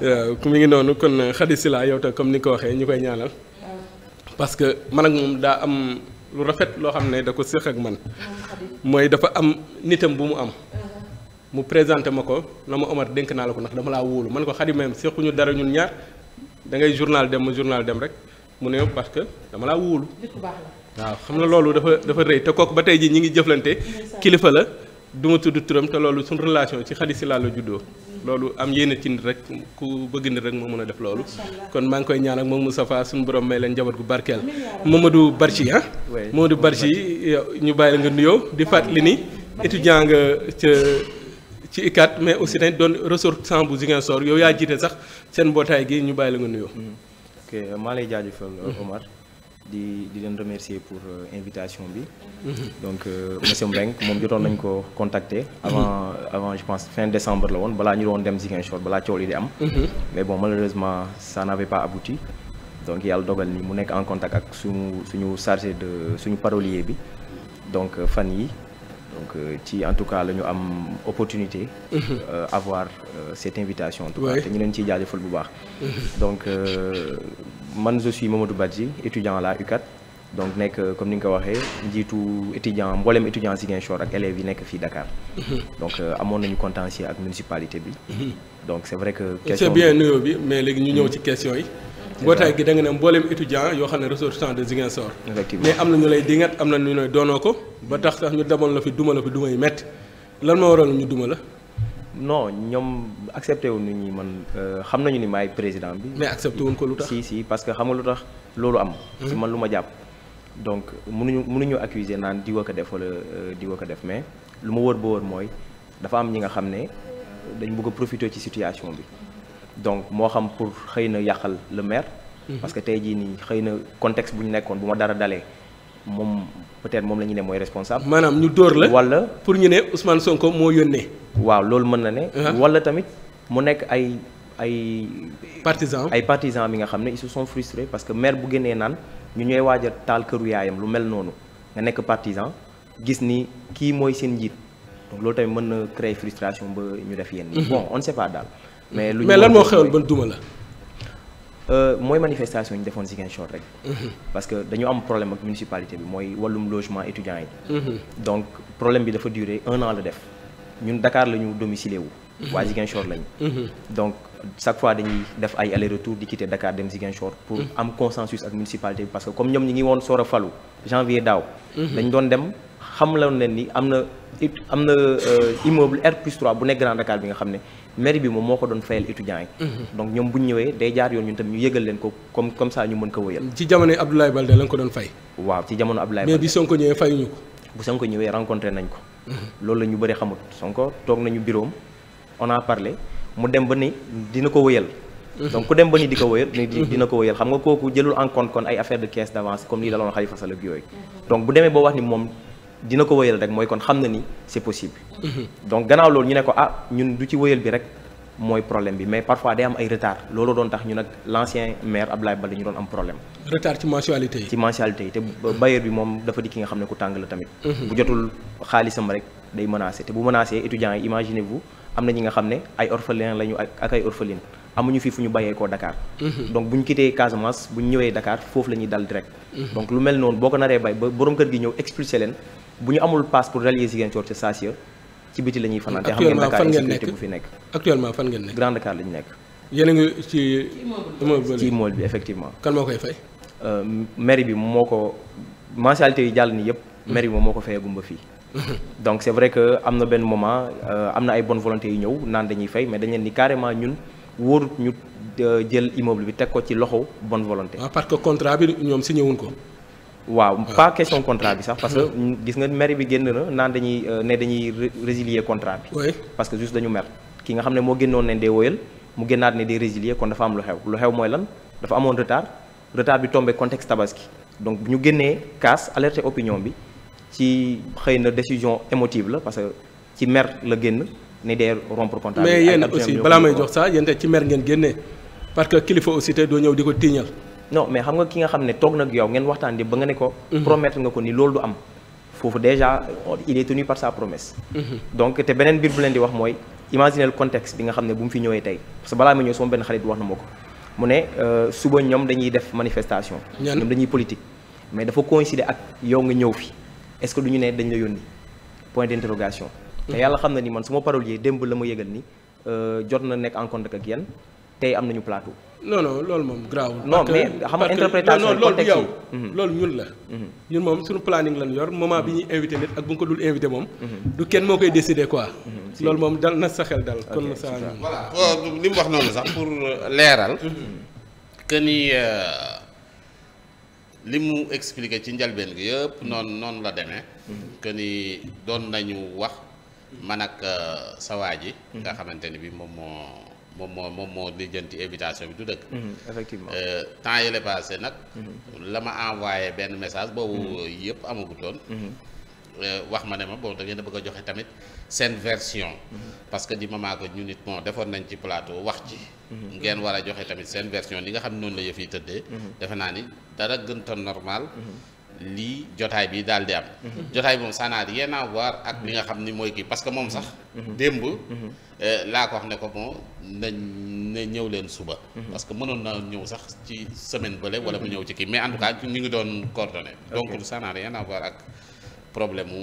waaw mi ngi noonu kon uh, Khady Sylla yow tam comme ni ko waxee ñu koy ñaanal. parce que man ak moom daa am lu rafet loo xam ne da ko séq ak man. mooy dafa am nitam bu mu am. Uh-huh. mu présenté ma ko na ma Omar dénk naa la ko ndax dama laa wóolu man ko Khady même séquñu dara ñun ñaar da ngay journal dem ma journal dem rek mu ne parce que dama laa wóolu. waaw xam na loolu dafa dafa rëy te kooku ba tey jii ñi ngi jëflante kilifa la du ma tudd turam te loolu suñu relation ci Khady Sylla juddoo. loolu am yéene ci nit rek ku bëgg nit rek moo mën a def loolu kon maa ngi koy ñaan ak moom Moustapha suñu borom may leen njaboot gu barkeel Mamadou Barchi du ah? Mamadou Barchi ñu bàyyi la nga nuyoo di li ni étudiant jàng ci ICAT mais aussi tamit doon ressortissant bu Ziguinchor yow yaa jiite sax seen mbootaay gi ñu bàyyi la nga nuyoo hmm. ok maa lay jaajëfal hmm. Omar di di leen remercier pour euh, invitation bi. Mhm. donc euh, monsieur Mbengue moom jotoon nañ ko contacter. avant mhm. avant je pense fin décembre la woon balaa ñu doon dem Ziguinchor balaa coow li di am. Mhm. mais bon malheureusement ça n'avait pas abouti. donc yàlla dogal ni mu nekk en contact ak suñu suñu chargé de suñu parolier bi donc fan yi donc euh, ci en tout cas la ñu am opportunité. Euh, avoir euh, cette invitation. en tout cas te ñu leen ciy jaajëfal bu baax. donc man je suis Mamadou Badji étudiant à la UCAD. donc nekk comme ni nga ko waxee njiitu étudiant mboolem étudiant Ziguinchor ak élèves yi nekk fii Dakar. donc amoon nañu contentieux ak municipalité bi. donc c' est vrai que. question c'est bien nuyoo bi mais léegi ñu ñëw hmm. ci question yi. mbootaay gi da nga ne mbooleem étudiant yoo xam ne ressortissant de Ziguinchor mais am na ñu lay dingat am na ñu lay doonoo ko ba tax sax ñu demoon la fi duma la fi duma yi metti lan moo waroon ñu duma la non ñoom accepté wu ñu ñi man euh, xam nañu ni maay président bi mais accepté wuñ ko lu tax si si parce que xam nga lu tax loolu am hmm? man lu ma jàpp donc mënuñu mënuñu accuser naan di wa def wala euh, di wa def mais lu ma wër ba wër mooy dafa am ñi nga xam ne dañ bëgg a ci situation bi donc moo xam pour xëy na yàqal le maire. Mhm. parce que tey jii nii xëy na contexte bu ñu nekkoon bu ma dara dalee moom peut-être moom la ñu ne mooy responsable. maanaam ñu dóor la wala pour ñu ne Ousmane Sonko moo yónnee. waaw loolu mën na ne. Uh-huh. wala tamit mu nekk ay ay. partisans ay partisans mi nga xam ne ils se sont frustrés parce que maire bu génnee naan ñu ñooy waaj a taal këru yaayam lu mel noonu nga nekk partisan gis ni kii mooy seen njiit. donc loolu tamit mën na créer frustration ba ñu def yenn yi mhm. bon on ne daal mais lu ñu mais lan moo xewoon duma la euh, mooy manifestation ñu defoon Ziguinchor rek mhm. parce que dañu am problème ak municipalité bi mooy wàllum logement étudiant yi mhm. donc problème bi dafa durer un an la def ñun Dakar la ñu domicilié wu waa Ziguinchor lañu donc chaque fois dañuy def ay aller retour di quitter Dakar dem Ziguinchor pour am consensus ak municipalité bi parce que xam la ne ni am na euh, nga xam ne mairie bi moom moo ko doon fayal étudiants yi. Mhm. donc ñoom bu ñu ñëwee day jaar yoon ñun tam ñu la nga ko doon fay. waaw nañ ko. Mhm. loolu toog nañu bureau on a parlé mu dem ba ni dina ko wëyal. Mhm. donc ku dem ba ni di ko wëyal dina ko wëyal xam nga kooku jëlul en compte kon ay affaire de caisse d'avance comme lii daloon Khalifa Sall ak yooyu. donc bu demee boo wax ni moom dina ko wëyal rek mooy kon xam na ni c'est possible. Mhm. donc gannaaw loolu ñu ne ko ah ñun du ci wëyal bi rek mooy problème bi mais parfois day am ay retard loolu doon tax ñu nag l'ancien maire Abdoulaye Baldé ñu doon am problème. retard ci mensualité yi. te bailleur bi moom dafa di nga xam ne ku tàng la tamit. Mhm. bu jotul xaalisam rek day menacé te bu menacé étudiants yi imaginez am na ñi nga xam ne ay orphelins lañu ak ay orphelines. amuñu fi fu ñu bàyyee bu ñu amul passe pour rallier Ziguinchor ca saa si ci biti la ñuy fanaan. te xam ngeen fi nekk actuellement fan ngeen nekk. Grand Dakar la nekk. yéen a ngi ci immeuble bi effectivement. kan moo koy fay. Euh, mairie bi moo ko mensualité yi jàll ni yëpp. Hmm. mairie bi moo ko fayagum ba fii. donc c' est que am na benn moment euh, am na ay bonne volonté yu ñëw naan dañuy fay mais dañu leen ni carrément ñun wóorut ñu euh, jël immeuble bi teg ko ci loxo bon volonté. waaw ah, parce que contrat bi ñoom si wuñ ko. waaw pas question contrat bi sax parce que gis nga mairie bi génn na naan dañuy euh, ne dañuy résilier contrat bi parce que juste dañu mer ki nga xam ne moo génnoon ne dee woyal mu génnaat ne dee résilier kon dafa am lu xew lu xew mooy lan dafa amoon retard retard bi tombé contexte tabaski donc bu ñu génnee casse alerte opinion bi ci xëy na décision émotive la parce que ci mer la génn ne dee rompre contrat mais yéen aussi balaa may jox sax yéen ci mer ngeen génnee parce que kilifa aussi tey doo ñëw di ko tiiñal non mais xam nga ki nga xam ne toog nag yow ngeen waxtaan di ba nga ne ko mhm. promettre nga ko ni loolu du am foofu déjà il est tenu par sa promesse mhm. donc te beneen biir bu leen di wax mooy imaginer le contexte bi nga xam ne bu mu fi ñëwee tey parce que balaa ma ñëw sama benn xarit wax na ma ko mu ne euh, suba ñoom dañuy def manifestation ñoom dañuy politique mais dafa coïncider ak yow nga ñëw fi est-ce que du ñu ne dañu la yónni point d'interrogation te mhm. yàlla xam na ni man suma parole yi démb la ma yëgal ni euh, jot na nekk en contact ak yéen tey am nañu plateau. non non loolu moom graawul. non xam nga interprétation non loolu yow. loolu ñun la. Mhm. ñun moom suñu planning lañ yor moment bi ñu invité nit ak bu nga ko dul invité moom. Mhm. du kenn moo koy décider quoi. Mhm. loolu moom dal na sa xel dal. kon sa voilà li mu wax noonu sax pour euh, leeral. ni euh, li mu expliqué ci njalbeen gi yëpp noonu noonu la demee. que ni doon nañu wax man ak euh, sa waa ji. nga xamante ni bi moom moo. moom moo moom moo lijjanti invitation bi du dëkk. Mhm, effectivement euh, temps yële passé nag. Mhm. la ma envoyé benn message boobu mhm. yëpp amagutoon. Euh, wax ma ne ma boobu da ngeen a bëgg a joxe tamit seen version. parce que di moment que ñu nit bon defoon nañ ci plateau wax ci. ngeen war a joxe tamit seen version li nga xam noonu la yëf yi tëddee. defe naa ni dara gën ta normal. lii jotaay bi daal di am. jotaay bi moom ça n'a rien ak li nga xam ni mooy kii parce que moom sax. démb. Euh, laa ko wax ne ko bon nañ ne ñëw leen suba. parce que mënoon na ñëw sax ci semaine bële. wala mu ñëw ci kii mais en tout cas ñu ngi doon coordonné. donc ça n'a rien à voir ak problème mu.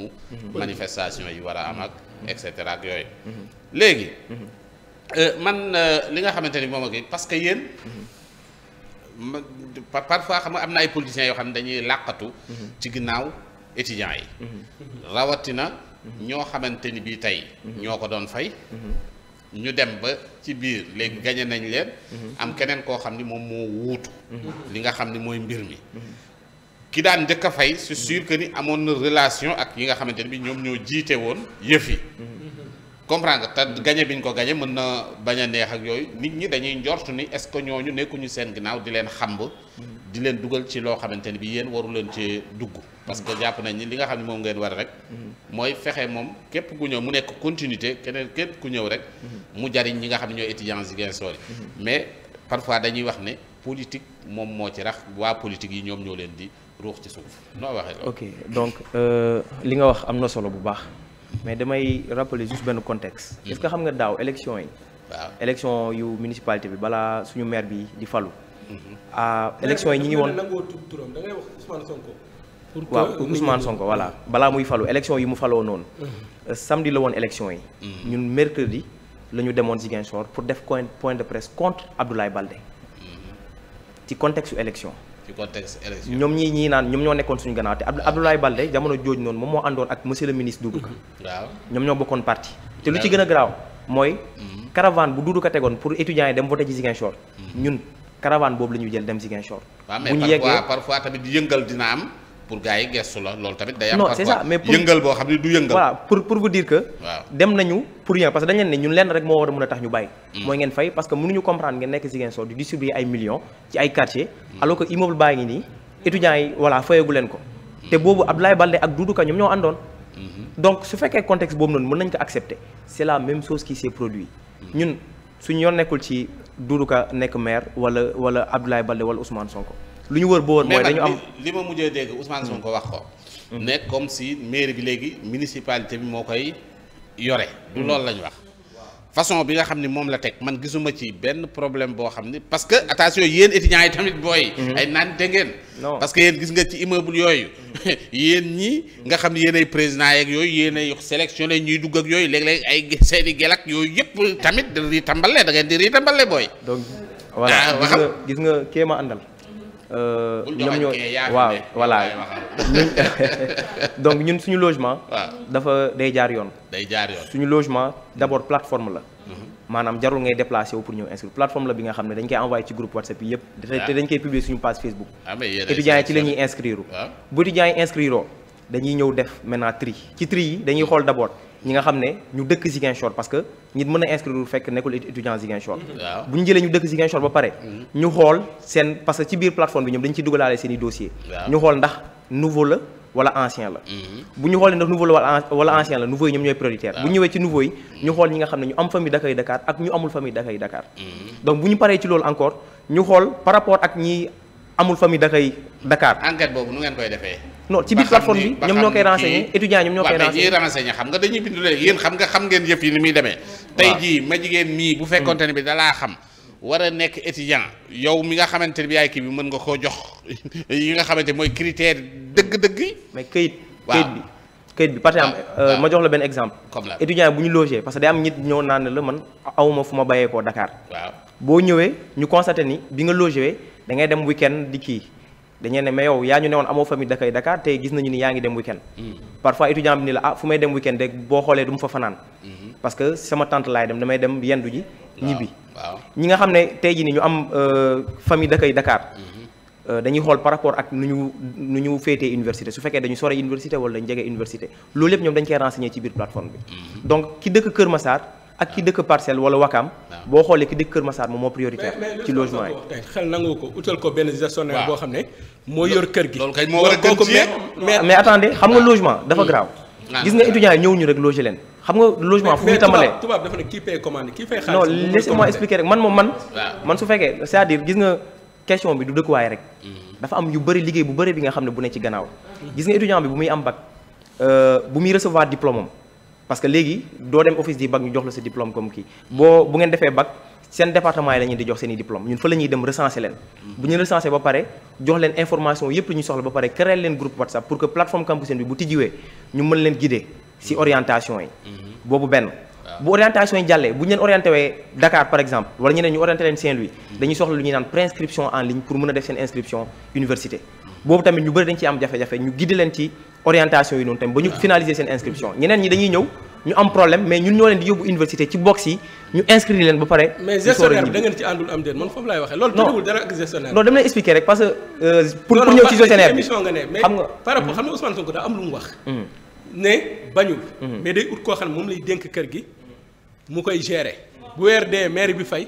manifestation yi war a am ak. Mhm. et cetera ak yooyu. Mhm. léegi. Mhm. Euh, man euh, li nga xamante ni moom ak parce que yéen. parfois xam nga am na ay politiciens yoo xam ne dañuy làqatu ci ginnaaw étudiants yi rawatina ñoo xamante ni bii tey ñoo ko doon fay ñu dem ba ci biir léegi gañe nañ leen am keneen koo xam ni moom moo wuutu li nga xam ni mooy mbir mi ki daan njëkk a fay c'est sûr que ni amoon na relation ak yi nga xamante ni bi ñoom ñoo jiite woon yëfi comprendre nga te gañe bi ñu ko gañe mën na bañ a neex ak yooyu nit ñi dañuy njortu ni est-ce que ñooñu nekkuñu seen ginnaaw di leen xamb di leen dugal ci loo xamante ni bi yéen waru leen ci dugg parce que jàpp nañ ni li nga xam ne moom ngeen war rek mooy fexe moom képp ku ñëw mu nekk continuité keneen képp ku ñëw rek mu jariñ ñi nga xam ne ñooy étudiants Ziguinchor yi mais parfois dañuy wax ne politique moom moo ci rax waa politique yi ñoom ñoo leen di ruux ci suuf noo waxee ok donc euh, li nga wax am na solo bu baax mais damay rappeler juste benn contexte. Mhm. est que xam nga daaw élection yi. waaw élection yu municipalité bi balaa suñu maire bi di falu. Mhm. ah yi ñu ngi woon da ngay wax Ousmane Sonko. waaw mhm. balaa muy falu élection yi mu faloo noonu. Euh, samedi la woon élection yi. ñun mercredi la ñu demoon Ziguinchor pour def point de presse contre Abdoulaye Baldé. ci contexte su élection. ci contexte élection ñoom ñii ñii naan ñoom ñoo nekkoon suñu gannaaw te Abdoulaye Balde jamono jooju noonu moom moo àndoon ak monsieur ministre Doudou mm-hmm. ñoom ñoo bokkoon parti te lu ci gën a garaaw mooy mm-hmm. caravane bu Doudou tegoon pour étudiants yi dem voté ci Ziguinchor mm-hmm. ñun caravane boobu la jël dem Ziguinchor bu ñu yeggee parfois tamit yëngal dina am pour gars yi gestu la loolu tamit. day am non c'est ça yëngal boo xam ne du yëngal. voilà pour pour vous que. dem nañu pour rien parce que dañu leen ne ñun lenn rek moo war a mën a tax ñu bàyyi. Mm. mooy ngeen fay parce que mënuñu comprendre ngeen nekk Ziguinchor di distribuer ay millions ci ay quartiers. Mm. alors que immeuble baa ngi nii étudiants yi voilà fayagu leen ko. Mm. te boobu Abdoulaye Baldé ak Doudou Ka ñoom ñoo àndoon. Mm-hmm. donc su fekkee contexte boobu noonu mën nañ ko accepter c'est la même chose qui s'est produit ñun suñu yoon nekkul ci Doudou Ka nekk maire wala wala Abdoulaye Baldé wala Ousmane Sonko lu ñu wër boo woon dañu am li ma mujjee dégg Ousmane hmm. ko wax ko. ne hmm. comme si maire bi léegi municipalité bi moo koy yore. du hmm. loolu la wax. façon bi nga xam ni moom la teg man gisuma ci benn problème boo xam ni parce que attention yéen étudiants yi tamit booy. ay naan te ngeen. parce que yéen gis nga ci immeuble yooyu. yéen ñi nga xam ni yéen ay président yeeg yooyu yéen ay sélectionné ñuy dugg ak yooyu léeg-léeg ay seen i gelak yooyu yëpp tamit di tambale da ngeen di ri tambale booy. donc voilà ah, gis nga gis nga kéema àndal. Euh, ñoom ñoo waaw voilà donc ñun suñu logement dafa day jaar yoon day jaar yoon suñu logement hmm. d'abord plateforme la hmm. maanaam jarul ngay déplacé wu pour ñëw inscrire plateforme la bi nga xam ne dañ koy envoyé ci groupe whatsapp yi yëpp te ah. dañ koy publier suñu page Facebook ah, étudiants yi ci la ñuy inscrire ah. bu étudiants yi inscrire dañuy ñëw def maintenant tri ci tri yi dañuy hmm. xool d'abord ñi nga xam ne ñu dëkk Ziguinchor parce que nit mën a inscrire fekk nekkul étudiant Ziguinchor mm-hmm. bu ñu jëlee ñu dëkk Ziguinchor ba pare mm-hmm. ñu xool seen parce que ci biir plateforme bi ñoom dañu ci dugalaale seen i dossier ñu xool ndax nouveau la wala ancien la mm-hmm. bu ñu xoolee ndax nouveau la wala ancien la nouveau yi ñoom ñooy prioritaire bu ñëwee ci nouveau yi ñu xool ñi nga xam ne ñu am famille Dakar Dakar ak ñu amul famille Dakar Dakar donc bu ñu paree ci loolu encore ñu xool par rapport ak ñi amul famille Dakar Dakar enquête boobu nu ngeen koy defee non ci biir plateforme bi ñoom ñoo koy renseigné étudiants ñoom ñoo koy renseigné ñuy renseigné xam nga dañuy bindu yi ma jigéen mii bu mm. fekkonte ne bi dalaa xam war a nekk étudiant yow mi nga xamante ne bi yaay kii bi mën nga koo jox yi nga xamante mooy critère dëgg-dëgg mais kayit këyit bi këyit bi par exemple euh, ma jox la benn exemple comme la étudiant bu ñu logé parce que am nit ñëw naan la man awma fu ma bayee koo waaw boo ñëwee ñu constaté ni bi nga logé da ngay dem week-end di kii dañu ne mais yow yaa ñu ne woon amoo famille Dakar Dakar tey gis nañu ni yaa ngi dem weekend mm-hmm. parfois étudiant bi ni la ah fu may dem weekend rek boo xoolee du mu fa fanaan mm-hmm. parce que sama tante laay dem damay dem yendu ji ñibbi ñi nga xam ne tey ji ni ñu am euh, famille Dakar Dakar mm-hmm. euh, dañuy xool par rapport ak nu ñu nu ñu féetee université su fekkee dañu sore université wala dañu jege université loolu yëpp ñoom dañu koy renseigner ci biir plateforme bi donc ki dëkk Kër Massar ak ki ah. dëkk parcelle wala wakaam ah. boo xoolee Kër Massar moom moo prioritaire ci logement yi xel nangu ko utal ko boo xam ne moo yor kër gi. loolu kay moo war a gën ci mais mais attendez xam nga logement dafa hmm. grave. Ah. gis nga étudiants yi ñëw ñu rek loger leen. xam nga logement fu muy tàmbalee tubaab dafa commande kii fay xaalis non laissez-moi expliquer rek man moom man. Ah. man su fekkee c'est-à-dire gis nga question bi du dëkkuwaay rek. Hmm. dafa am yu bëri liggéey bu bëri bi nga xam ne bu ne ci gannaaw. gis nga étudiant bi bu muy am bac euh, bu muy recevoir diplôme am parce que léegi doo dem office di bac ñu jox la sa diplôme comme kii boo bu ngeen defee bac seen département yi la di jox seen i diplôme ñun fa la ñuy dem recenser leen bu ñu recenser ba pare jox leen information yépp lu ñu soxla ba pare créer leen groupe WhatsApp pour que plateforme campus bi bu tijjiwee ñu mën leen guider ci orientation yi mm-hmm. boobu benn bu orientation yi jàllee bu ñu leen orienté wee Dakar par exemple wala ñeneen ñu orienté leen Saint-Louis dañuy soxla lu ñu naan préinscription en ligne pour mën a def seen inscription université mm-hmm. boobu tamit ñu bëri dañ ci am jafe-jafe ñu guider leen ci orientation yi noonu tamit ba ñu finaliser seen inscription ñeneen ñi dañuy ñëw ñu am problème mais ñu ñoo leen di yóbbu université ci box yi ñu inscrire leen ba pare. mais gestionnaire bi da ngeen ci àndul am déet man foofu laay waxee. loolu tëjul dara ak gestionnaire. non dama lay expliquer rek parce euh, pour pour ñëw ci gestionnaire mais. xam nga par rapport mm. xam nga Ousmane Sonko daa am lu mu wax. Mm. ne bañul. Mm. mais day ut koo xam moom lay dénk kër gi mu koy geere bu weer dee maire bi fay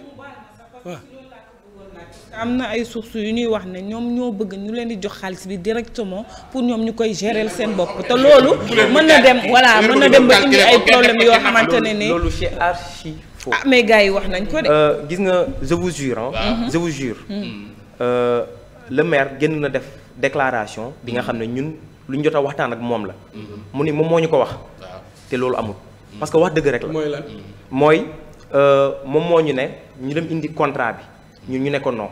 am na ay sources yu ñuy wax ne ñoom ñoo bëgg ñu leen di jox xaalis bi directement pour ñoom ñu koy gérer seen bopp te loolu. mën na dem voilà mën na dem ba indi ay problèmes yoo xamante ne ne loolu c'est archi faux. ah mais gars yi wax nañ ko euh, gis nga je vous jure ah. je mm-hmm. mm. euh, le maire génn na def déclaration bi nga xam ne ñun lu ñu jot a waxtaan ak moom la. Mm-hmm. mu ni moom moo ñu ko wax. te loolu amul. Mm. parce que wax dëgg rek la. mooy lan mm. mooy euh, moom moo ñu ne ñu dem indi contrat bi. ñu ñu nekkoon non.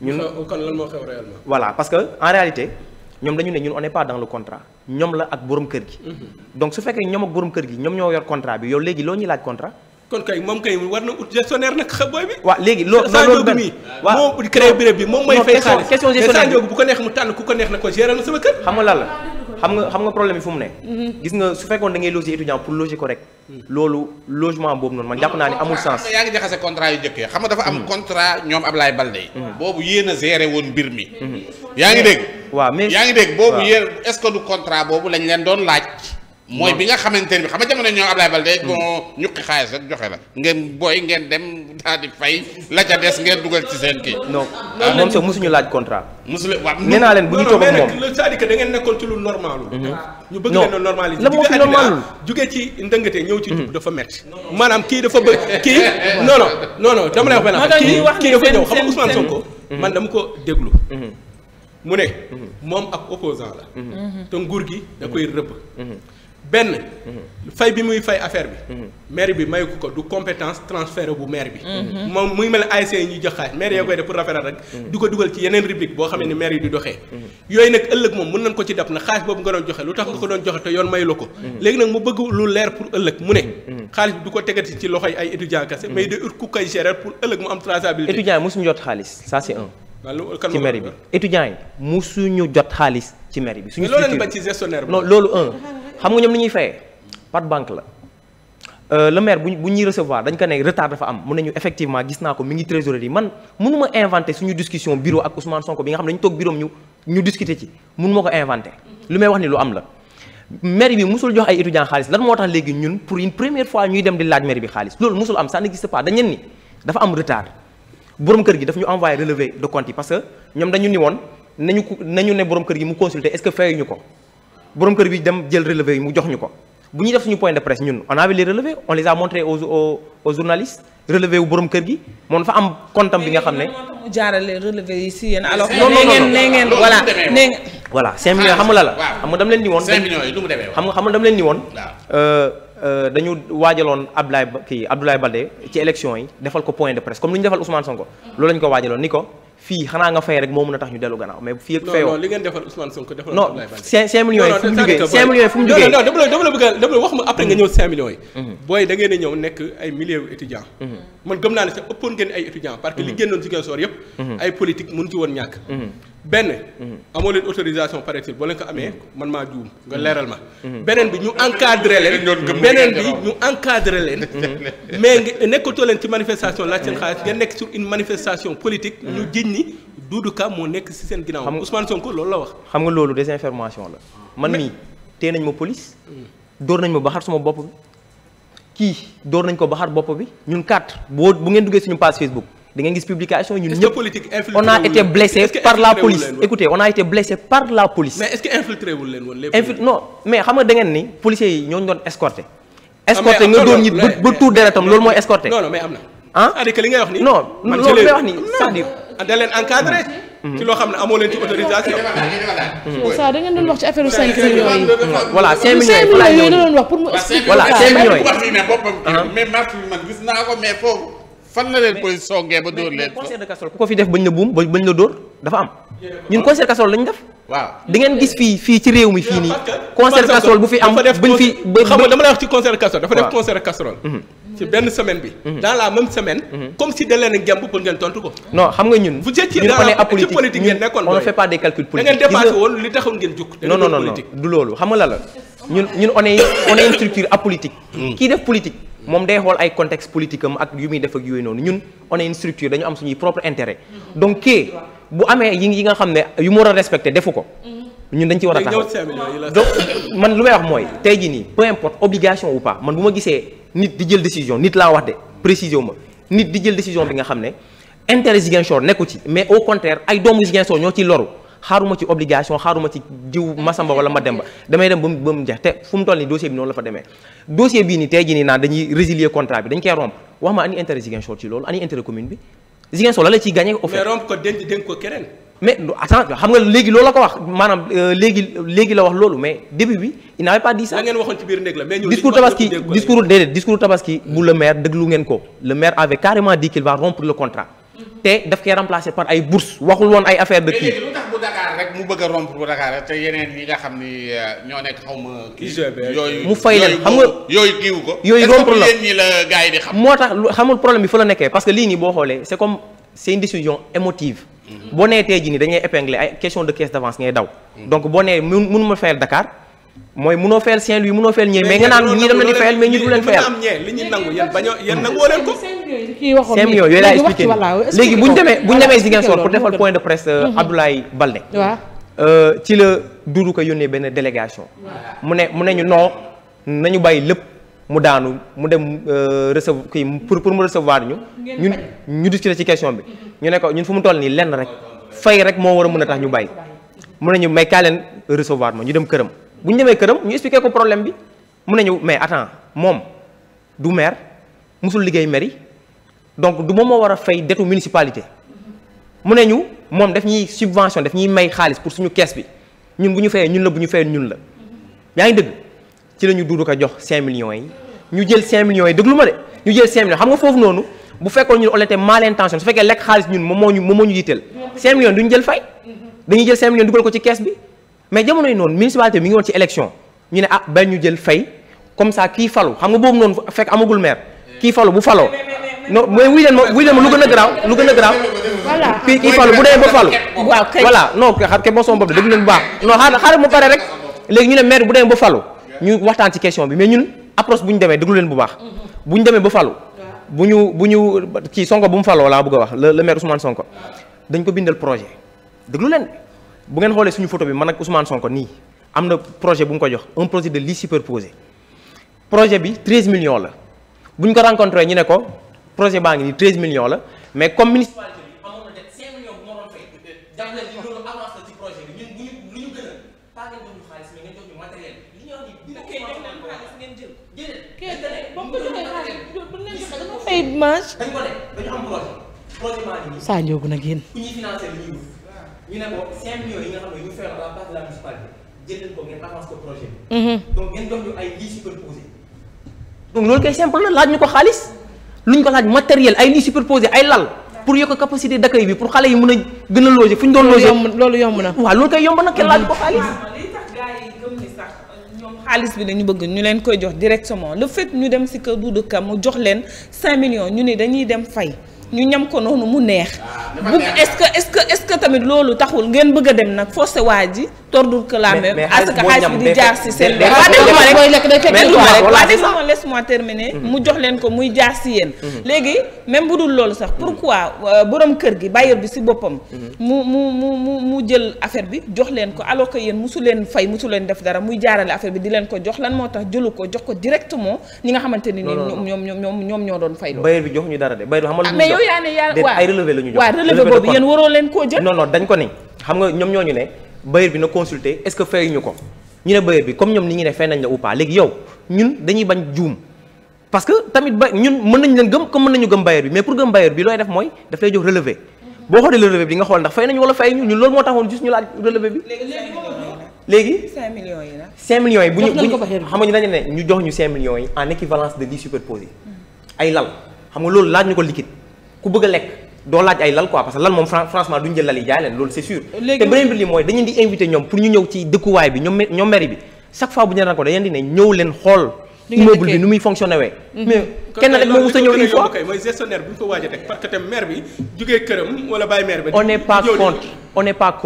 ñun kon lan moo xew réellement. voilà parce que en réalité ñoom dañu ne ñun on pas dans le contrat ñoom la ak borom kër gi. Mhm. donc su fekkee ñoom ak borom kër gi ñoom ñoo yor contrat bi yow léegi loo ñuy laaj contrat. kon kay moom kay war na ut gestionnaire nag xam booy bi. waaw léegi loo loolu benn waaw moom créé béréb bi moom mooy. fay xaalis question gestionnaire bu ko neex mu tànn ku ko neex na ko gérer na sama kër. xam nga lan la. xam nga xam nga problème bi fu mu ne. Mhm. gis nga su fekkoon da ngay loger étudiant pour loger ko rek. Mhm. loolu logement boobu noonu man jàpp naa ne amul sens. yaa ngi jaxase contrat yu jëkkee xam nga dafa am mhm. contrat ñoom Ablaye Balde. boobu yéen a géré woon mbir mi. yaa ngi dégg. waaw mais yaa ngi dégg boobu yéen est contrat boobu lañ leen doon laaj. mooy bi nga xamante ne bi xam nga jamono ñoo Ablaye Balde. Mm. bon ñuqi xaalis rek joxe la. ngeen booy ngeen dem daal di fay la ca des ngeen dugal ci seen kii. non ah, moom sax mosuñu laaj contrat. mosu leen naa leen bu ñu toog moom non c'est-à-dire que da ngeen nekkoon ci lu normal. Mhm. Ah, ñu bëgg leen a normaliser. la moo fi normalul jugee ci ndëngate ñëw ci jub mhm. dafa metti maanaam kii dafa bëgg kii. non non non non dama lay wax benn affaire kii kii dafa ñëw xam nga Ousmane mhm. man dama ko déglu. mu ne. moom ak opposant la. te nguur gi da koy rëbb benn mhm. fay bi muy fay affaire bi mhm. maire bi mayu ko du compétence transfert bu maire bi mhm. moom mu ngi mel ne ASC yi ñuy jox xaalis maire yaa koy def ko dugal ci yeneen rubrique boo xamee ne maire yi di doxee yooyu nag ëllëg moom mën nañ ko ci dab na xaalis boobu nga doon joxe lu tax nga ko doon joxe te yoon mayu la ko léegi nag mu bëgg lu leer xaalis du ci loxoy ay étudiant kese pour ëllëg mu am traçabilité étudiant yi mosuñu jot xaalis ça c'est un ci maire bi étudiant yi jot xaalis ci maire bi suñu loolu ba ci gestionnaire non loolu un xam nga ñoom ni ñuy fayee par banque la euh, le maire bu bu ñuy recevoir dañ ko ne retard dafa am mun nañu effectivement gis naa ko mi ngi trésorerie man mënuma inventé suñu discussion bureau ak Ousmane Sonko bi nga xam ne dañu toog bureau ñu ñu discuter ci mënuma ko inventé mhm. lu may wax ni lu am la maire bi musul jox ay étudiants xaalis lan moo tax léegi ñun pour une première fois ñuy dem di laaj maire bi xaalis loolu musul am sa n'existe pas dañu ni dafa am daf ñu envoyé relevé de compte parce que ñoom dañu ni woon nañu nañu ne borom kër mu consulter est-ce que ko borom kër bi dem jël relevé yi mu jox ñu ko bu ñu def suñu point de presse ñun on avait les on les a montré aux aux aux wu borom kër gi moom dafa am kontam bi nga xam ne. mu jaarale relevé yi si yéen alors. non ngeen nee ngeen voilà nee ngeen. voilà xam nga la la. xam nga leen ni woon. 5 millions yi lu mu demee xam leen ni woon. Euh, euh, dañu waajaloon Abdoulaye kii Abdoulaye Balde ci élection yi defal ko point de presse comme li ñu defal Ousmane Sonko. loolu la ñu ko waajaloon ni ko. fii xanaa nga fay rek moo mën a tax ñu dellu gannaaw mais fii ak fayoo li ngeen defal Ousmane Sonko defal non 5 millions yi fu mu yi fu mu jugee non non dama la dama la bëgg dama la wax ma après nga mm-hmm. ñëw 5 millions yi mm-hmm. booy da a ñëw nekk ay milliers yu mm-hmm. man gëm naa ne sax ëppoon ngeen ay étudiants parce li génnoon si ngeen soor yëpp ay politique mënu ci woon ñàkk benn. Mhm. amoo leen autorisation paraît-il boo leen ko amee mhm. man maa juum nga mhm. leeral ma. beneen bi ñu encadré leen. beneen bi ñu encadré leen. mais nekkatoo leen ci manifestation la seen xaalis nga nekk si une manifestation politique. ñu jiñ ni Doudou Ka moo nekk si seen ginnaaw. Ousmane Sonko loolu la wax. xam nga loolu désinformation la. man mii tee nañ ma police. dóor nañ ma ba xar sama bopp kii door nañ ko ba xar bopp bi ñun quatre boo bu ngeen duggee suñu page Facebook. da gis publication ñun ñëpp politique a été blessé par la police écoutez on a été blessé par la police. mais mais xam nga ni policiers yi ñooñu doon escorté ah, escorté nga doon ñit ba tuur deretam loolu mooy escorté ah cest loolu ngay wax ni mhm. saa da ngeen doon wax ci affaire 5 millions yi. voilà 5 millions yi da doon wax pour mu. voilà 5 millions yi. fan la leen police songee ba dóor leen. concert de casserole ku ko fi def bañ la buum bañ la dóor dafa am. ñun concert casserole lañ def. waaw gis fii fii ci réew mi fii nii. concert casserole bu fi am buñ fi xam nga dama lay wax ci concert casserole. dafa def concert casserole. Mhm. ci benn semaine bi. Mhm. dans la même semaine. Mhm. comme si da leen gemb pour ngeen tontu ko. non xam nga ñun. vous étiez dans la ci politique ngeen du loolu xam nga la la ñun ñun on est mm. kii def politique. moom day xool ay contexte politique ak yu muy def ak yooyu noonu ñun on est une dañu am suñuy propre intérêt donc kii bu amee yi yi nga xam ne yu mu war a defu ko ñun dañ ci war a taxaw donc man lu may wax mooy tey jii nii peu importe obligation ou pas man bu ma gisee nit di jël décision nit laa wax de précision ma nit di jël décision bi nga xam ne intérêt Ziguinchor nekku ci mais au contraire ay doomu Ziguinchor ñoo ci loru xaaruma ci obligation xaaruma ci diw masamba wala ma dem ba damay dem ba mu ba mu jeex te fu mu toll nii dossier bi noonu la fa demee dossier bii nii tey jii nii naan dañuy résilier contrat bi dañ koy romb wax ma ani intérêt Ziguinchor ci loolu ani intérêt commune bi Ziguinchor la la ciy gagné au mais romb ko xam nga léegi loolu la ko wax maanaam euh, léegi léegi la wax loolu mais début bi il n'avait pas dit ça. la ngeen waxoon ci biir discours tabaski discours tabaski bu le maire déglu ngeen ko le maire avait carrément te daf koy remplacer par ay bourse waxul woon ay affaire de kii. léegi lu tax bu Dakar rek a rompre te yeneen yi nga xam ni euh, ñoo nekk xaw ma. yooyu mu fay leen xam nga yooyu kiiwu ko. yooyu rompre la est-ce que la gars yi xam. moo tax xamul problème bi fa la nekkee parce que lii nii boo xoolee c'est comme c'est une décision émotive. Mhm. boo nee tey jii nii dañuy épingler ay question de caisse d'avance ngay daw. Mhm. donc boo nee mun mun ma fayal mooy munoo fayal Saint-Louis munoo fayal ñee mais nga naan ñii dem na di mais ñu du leen fayal li ñu nangu yéen bañoo yéen léegi bu ñu demee bu ñu demee Ziguinchor pour defal point de presse euh, Abdoulaye Baldé euh, ci la duuru ko yónnee benn délégation mu ne mu ne ñu noo nañu bàyyi lépp mu daanu mu dem euh, recevoir kii pour pour mu recevoir ñu ñun ñu discuté ci question bi ñu ne ko ñun fu mu toll nii lenn rek fay rek moo war a mun a tax ñu bàyyi mu ne ñu may kaa leen recevoir ma ñu dem këram bu ñu demee këram ñu expliqué ko problème bi mu ne ñu mais attends moom du meer musul liggéey meri donc du moom moo war a fay detu municipalité mu ne ñu moom daf ñuy subvention daf ñuy may xaalis pour suñu kees bi ñun bu ñu fayee ñun la bu ñu fayee ñun la yaa ngi dëgg ci la jox 5 yi ñu jël 5 millions yi déglu ma de xam nga foofu noonu bu fekkoon ñun on était mal intention su fekkee lekk xaalis ñun moom moo ñu moom moo ñu jiiteel 5 millions du ñu jël fay dañuy jël 5 millions dugal ko ci kees bi mais jamono yi noonu municipalité mi ngi woon ci élection ñu ne ah ba ñu jël fay comme ça kii falu xam nga boobu noonu fekk amagul maire kii falu bu faloo non mais wuy leen ma wuy leen ma lu gën a garaaw lu gën a garaaw kii kii falu bu demee ba falu voilà non xam ke bon sama bopp déglu leen bu baax non xaar xaar mu pare rek léegi ñu ne waxtaan ci question bi mais ñun approche bu ñu demee déglu leen bu baax bu ñu demee ba falu bu ñu bu ñu kii Sonko bu mu faloo laa bëgg a wax le maire Ousmane Sonko dañ ko bindal projet déglu leen bu ngeen xoolee suñu photo bi man ak Ousmane Sonko nii am na projet bu mu ko jox un projet de lit superposé projet bi 13 millions la buñ ko rencontré ñu ne ko projet baa ngi nii 13 millions la mais comme municipalité bi amoon ñu ne ko 5 millions yi nga xam ne ñu faire à la ko ngeen avance mhm. ñu loolu kay simple laaj ñu ko xaalis luñ ko laaj matériel ay lits superposés ay lal. pour yokk capacité d'accueil bi pour xale yi mun a gën a loger fu ñu doon loger loolu yomb na waaw loolu kay yomb na kenn laaj ko xaalis. ñoom xaalis bi dañu bëgg ñu leen koy jox directement le fait ñu dem si kër Doudou Ka mu jox leen 5 millions ñu ni dañuy dem fay. ñu ñam ko noonu mu neex ah, bu est-ce que est-ce que est-ce que tamit loolu taxul ngeen bëgg a dem nag forcé waa ji tordul que la même parce que bi di jaar si seen waa déglu ma rek laisse-moi mm-hmm. mu jox leen ko muy jaar si yéen mm-hmm. léegi même bu dul loolu sax pour pourquoi euh, borom kër gi bailleur bi si boppam mm-hmm. mu mu mu mu mu jël affaire bi jox leen ko alors que yéen mosu leen fay mosu leen def dara muy jaarale affaire bi di leen ko jox lan moo tax jëlu ko jox ko directement nga xamante ni ñoom ñoom ñoom ñoom ñoo doon fay loolu yow yaa ne yaa waaw ay relevé la ñu jox waaw relevé boobu yéen waroo leen koo jël non non dañ ko ni xam nga ñoom ñooñu ne bailleur bi na consulter est-ce que fay ñu ko ñu ne bailleur bi comme ñoom ni ñu ne fay tamit ba ñun mën nañ leen gëm comme mën nañu gëm bailleur bi mais pour gëm bailleur bi looy def mooy daf lay jox relevé boo xoolee relevé bi di nga xool ndax fay nañu wala fay ñu ñun loolu moo taxoon juste ñu laaj relevé bi léegi 5 millions yi bu ñu bu ñu xam nga ñu dañu ne ñu jox ñu 5 millions yi en équivalence de lits superposés ay lal xam ku bëgg lekk doo laaj ay lal quoi parce que lal moom franchement duñ jël lal yi jaay leen loolu c'est sûr te beneen bi li mooy dañu di invité ñoom pour ñu ñëw ci dëkkuwaay bi ñoom ñoom bi chaque fois bu ñu leen ko di ne ñëw leen xool immeuble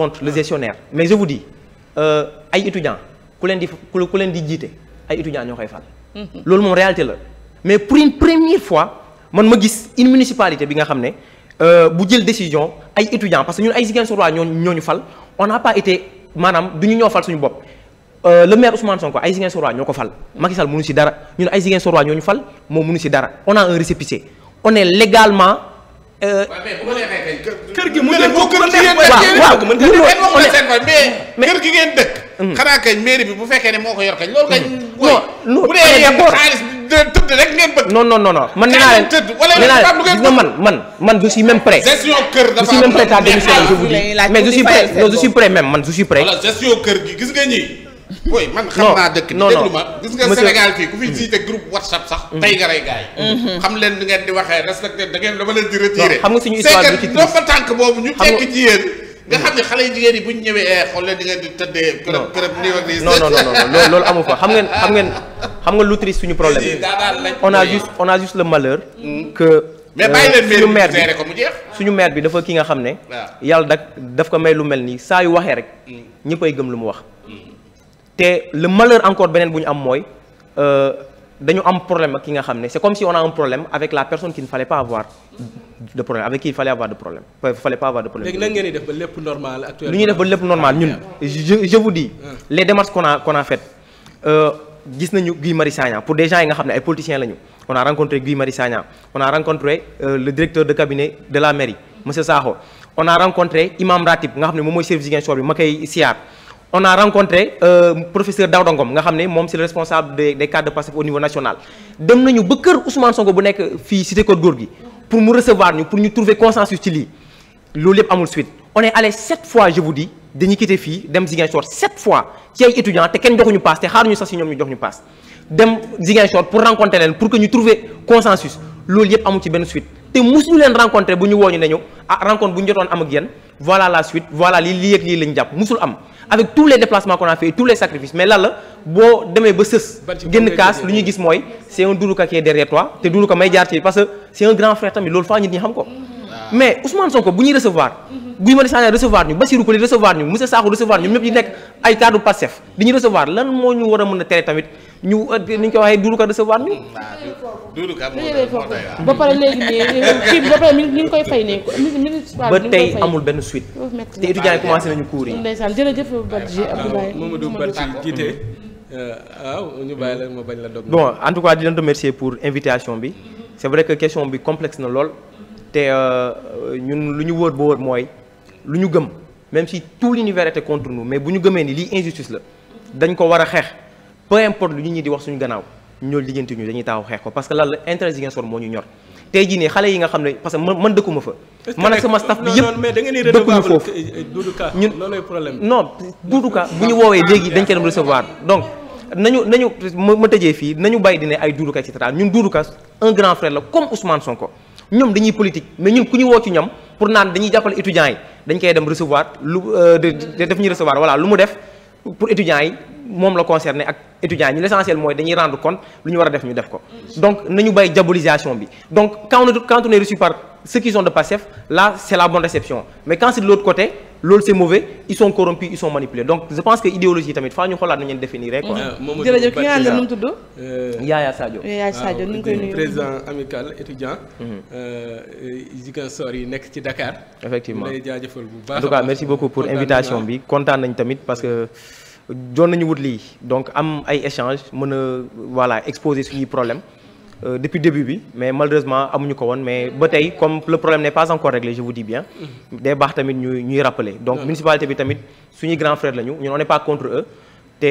bi mhm. euh, ay étudiants ku leen di jiite ay étudiants ñoo koy fal mhm. loolu moom réalité la mais pour une première fois man ma gis une municipalité bi nga xam ne euh, bu jël décision ay étudiants parce que ñun ay Ziguinchor waa ñoo ñoo ñu fal on n'a été maanaam du ñu ñoo fal suñu bopp. Euh, le maire Ousmane Sonko ay Ziguinchor waa ñoo ko fal Macky Sall mënu si dara ñun ay Ziguinchor waa ñoo ñu fal moom mënu si dara on a un récépissé on légalement. Euh... kër gi mu ne ko kër gi ngeen dëkk mën mais kër gi ngeen dëkk hmm. xanaa kañ mairie bi bu fekkee ne moo ko yor kañ loolu kañ hmm. bu dee xaalis tëdd rek ngeen bëgg. man nee naa leen tëdd wala ngeen nga man man man je même prêt. gestion kër dafa am mais je suis prêt non je prêt même man je prêt. voilà gestion kër gi gis nga ñii. oui man xam naa dëkk bi déglu ma gis nga Sénégal fii ku fi mm-hmm. jiite groupe WhatsApp sax. Mm-hmm. tey nga rey gaay mm-hmm. xam leen ni ngeen di waxee respecté da ngeen tànk boobu ñu tekk ci yéen nga xam ne xale jigéen yi bu ñu ñëwee eh, xool leen di ngeen di tëddee. kërëb kërëb nii ak nii. non non loolu amu fa xam ngeen xam ngeen xam nga lu triste suñu problème bi. on a juste on a juste le malheur. Hmm. que euh, suñu maire bi bi dafa ki nga xam ne. yàlla dak daf ko may lu mel nii saa yu waxee rek. Hmm. ñëppay gëm lu mu wax. Hmm. te le malheur encore beneen bu ñu am mooy euh, dañu am problème ak ki nga xam ne c'est comme si on a un problème avec la personne qu'il ne fallait pas avoir. de problème avec qui il avoir de problème il fallait pas avoir de problème. lu ñuy def ba lépp normal ñun je je vous dis. Ah. les démarches qu'on a qu'on a euh, gis nañu Guy Marius Sagna pour des gens yi nga xam ne ay politiciens lañu on a rencontré Guy Marius Sagna on a euh, le directeur de cabinet de la mairie monsieur Sakho on a rencontré Imam Ratib nga xam ne moom mooy service Ziguinchor bi ma koy siyaar. on a rencontré euh, professeur Daouda nga xam ne moom c'est le responsable des des cadres de Pastef au pour mu recevoir ñu pour ñu trouver consensus ci lii loolu yëpp amul suite on est allé sept fois je vous dis dañu quitté fii dem Ziguinchor sept fois ci ay étudiants te kenn joxuñu paas te xaaruñu sax si ñoom ñu jox ñu paas dem Ziguinchor pour rencontrer leen pour que ñu trouver consensus loolu yëpp amul ci benn suite te musuñu leen rencontré bu ñu wooñu ne ñu ah rencontre bu ñu jotoon am ak yéen voilà la suite voilà lii lii ak lii lañ jàpp musul am avec tous les déplacements qu'on a fait tous les sacrifices mais lan la boo demee ba sës génn kaas lu ñuy gis mooy c'est un Doudou Ka qui est derrière toi te Doudou Ka may jaar ci parce que c'est un grand frère tamit loolu faa nit ñi xam ko mm-hmm. mais Ousmane Sonko bu ñuy recevoir mm-hmm. Guy Marius Sagna recevoir ñu Bassirou Koli recevoir ñu Moussa Sakho recevoir ñu ñëpp ñu nekk ay cadre Pastef di ñu recevoir lan moo ñu war a mën a tere tamit ñu euh, ni ñu ko waxee Doudou Ka recevoir ñu. ba pare léegi nii ba pare mi ngi koy fay ne ba tey amul benn suite. te étudiants yi commencé nañu cours yi. ndeysaan jërëjëf Badji ah, Abdoulaye Mamadou Badji jiite euh, waaw ñu bàyyi la ma bañ la dog. bon en tout cas di leen remercier pour invitation bi c'est vrai que question bi complexe na lool te euh, ñun lu ñu wóor ba wóor mooy lu ñu gëm même si tout l'univers était contre nous mais bu ñu gëmee ni lii injustice la dañ ko war a xeex peu importe lu ñu ñi di wax suñu gannaaw ñoo lijjanti ñu dañuy taaw xeex ko parce que lan la intérêt Ziguinchor moo ñu ñor tey jii nii xale yi nga xam ne parce que man dëkkuma fa. man ak sama staff bi yëpp dëkkuñu foofu ñun loolooy problème non Doudou Ka bu ñu woowee léegi dañ ko dem recevoir donc nañu nañu ma ma tëjee fii nañu bàyyi di ne ay Doudou Ka et ñun Doudou Ka un grand frère la ñoom dañuy politique mais ku ñu woo ci ñoom pour naan dañuy jàppale étudiants yi dañ koy dem recevoir lu euh, def ñuy recevoir voilà lu mu def pour étudiants yi moom la concerné ak étudiants yi ñu l'essentiel mooy dañuy rendre compte lu ñu war a def ñu def ko donc nañu bàyyi diabolisation bi donc quand on quand on par ceux qui sont de Pastef là c'est la bonne réception mais quand c'est de l'autre côté loolu c'est mauvais ils sont corrompus ils sont manipulés donc je pense que idéologie tamit faa ñu xoolaat nañu leen rek quoi. Mm-hmm. jërëjëf ki nga xam ne nu mu tudd. Euh, Yaya Sadio. Yaya Sadio ñu koy nuyu président mm-hmm. euh, nekk ci Dakar. effectivement doon nañu wut lii donc am ay échange mën a voilà exposer suñuy problème euh, depuis début bi mais malheureusement amuñu ko woon mais ba tey comme le problème n'est pas encore réglé je vous dis bien day baax tamit ñuy ñuy donc municipalité bi tamit suñuy grand frère lañu ñun on n'est pas contre eux te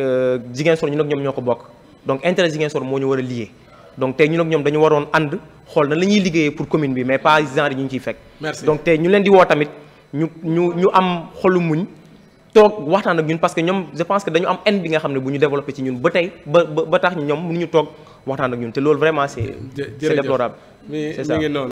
euh, Ziguinchor ñun ak ñoom ñoo ko bokk donc intérêt Ziguinchor moo ñu war a lié donc tey ñun ak ñoom dañu waroon ànd xool na la ñuy liggéeyee pour commune bi mais pas genre ñu ngi ciy fekk donc tey ñu leen di woo tamit ñu ñu ñu am xolu muñ toog waxtaan ak ñun parce que ñoom je pense que dañu am haine bi nga xam ne bu ñu développé ci ñun ba tey ba ba tax ñoom mënuñu toog waxtaan ak ñun te loolu vraiment c'est c'est déplorable.